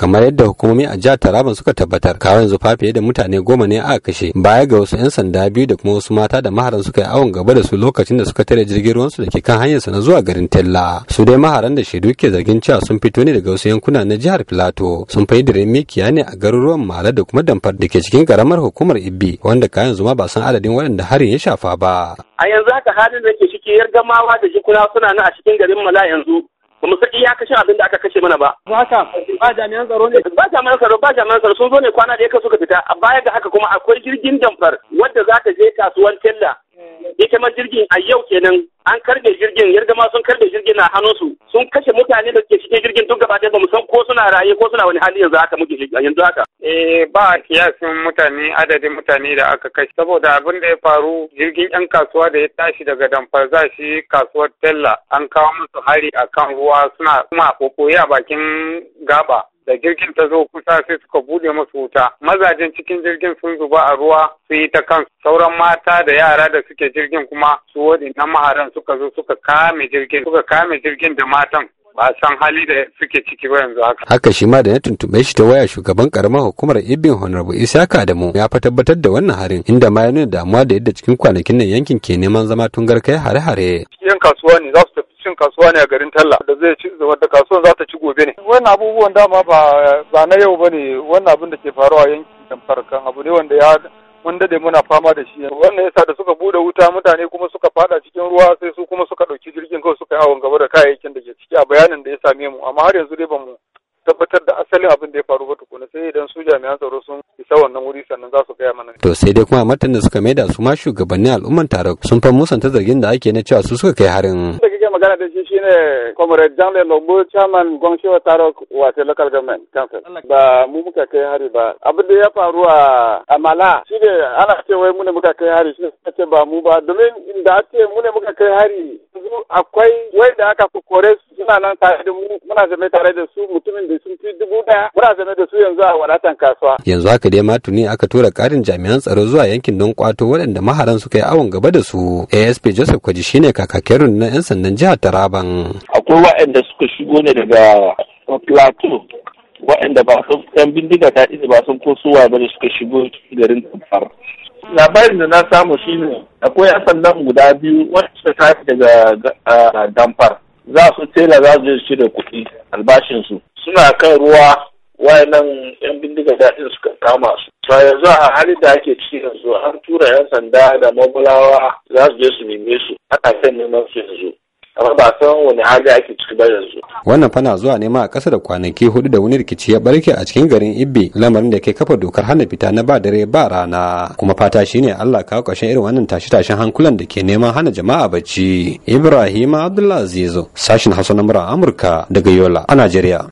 kamar yadda hukumomi a jihar Taraban suka tabbatar kawo yanzu fa fiye da mutane goma ne aka kashe baya ga wasu 'yan sanda biyu da kuma wasu mata da maharan suka yi awon gaba da su lokacin da suka tare jirgin ruwansu da ke kan hanyarsa na zuwa garin Tella su dai maharan da shaidu ke zargin cewa sun fito ne daga wasu yankuna na jihar Filato sun fayi da mikiya ne a garuruwan mara da kuma Damfar da ke cikin karamar hukumar Ibbi wanda kayan zuma ba san adadin waɗanda harin ya shafa ba a yanzu haka halin da ke ciki gamawa da jikuna suna nan a cikin garin Mala yanzu ba saki ya kashe abin da aka kashe mana ba. Ba haka ba jami'an tsaro ne. Ba jami'an tsaro ba jami'an tsaro sun zo ne kwana da kasu suka fita a baya ga haka kuma akwai jirgin damfar wadda za ta je kasuwan tella. Eh. Ita ma jirgin a yau kenan an karbe jirgin yarda ma sun karbe jirgin na hannunsu sun kashe mutane da ke cikin jirgin duk gaba ɗaya ba mu ko suna raye ko suna wani hali yanzu haka muke yanzu haka eh ba kiyasin mutane adadin mutane da aka kashe saboda abin da ya faru jirgin yan kasuwa da ya tashi daga damfar za shi kasuwar tella an kawo musu hari a kan ruwa suna kuma kokoya a bakin gaba da jirgin ta zo kusa sai suka bude musu wuta mazajen cikin jirgin sun zuba a ruwa su yi ta kan sauran mata da yara da suke jirgin kuma su waɗannan maharan suka zo suka kame jirgin da matan ba san hali da suke ciki ba yanzu haka. Haka shi ma da na tuntube shi ta waya shugaban karamar hukumar Ibin Honorable Isaka Adamu ya fa tabbatar da wannan harin inda ma ya nuna damuwa da yadda cikin kwanakin nan yankin ke neman zama tungar kai hare-hare. Yan kasuwa ne za su tafi cin kasuwa ne a garin Talla da zai ci da kasuwan za ta ci gobe ne. Wannan abubuwan dama ba na yau ba ne, wannan abin da ke faruwa yankin Zamfara abu ne wanda ya mun dade muna fama da shi wannan yasa da suka bude wuta mutane kuma suka fada cikin ruwa sai su kuma suka dauki jirgin kawai suka yi awon gaba da kayayyakin da ke ciki a bayanin da ya same mu amma har yanzu dai ba mu tabbatar da asalin abin da ya faru ba tukuna sai idan su jami'an tsaro sun isa wannan wuri sannan za su gaya mana. To sai dai kuma matan da suka maida su ma shugabannin al'umman taron sun fa musanta zargin da ake na cewa su suka kai harin. nake magana da shi shine comrade Jean Lombo chairman Gongshiwa Tarok wato local government council. Ba mu muka kai hari ba. Abin da ya faru a Amala shi ne ana ce wai mu ne muka kai hari shi ne ce ba mu ba domin da ce mu ne muka kai hari yanzu akwai wai da aka kore su suna nan tare da mu muna zame tare da su mutumin da sun fi dubu daya muna zame da su yanzu a wadatan kasuwa. Yanzu haka dai ma tuni aka tura karin jami'an tsaro zuwa yankin don kwato waɗanda maharan suka yi awon gaba da su. ASP Joseph Kwaji shine kakakin na 'yan sandan jihar Taraban. Akwai waɗanda suka shigo ne daga Plateau waɗanda ba sun ɗan bindiga ta ɗi ba sun ko suwa ba da suka shigo garin Tamfar. Labarin da na samu shine akwai 'yan sandan guda biyu suka tashi daga damfar za su tela za su je da kuɗi albashinsu suna kan ruwa wayannan yan bindiga daɗin suka kama su to yanzu a halin da ake ci yanzu an tura yan sanda da mabulawa za su je su neme su ana kan neman su yanzu kamar ba san wani hali ake ciki ba yanzu. Wannan fana zuwa ne ma a ƙasa da kwanaki hudu da wani rikici ya barke a cikin garin Ibbi lamarin da ke kafa dokar hana fita na ba dare ba rana kuma fata shi ne Allah kawo ƙarshen irin wannan tashe-tashen hankulan da ke neman hana jama'a bacci. Ibrahim Abdullahi Azizo sashin Hausa na Amurka daga Yola a Najeriya.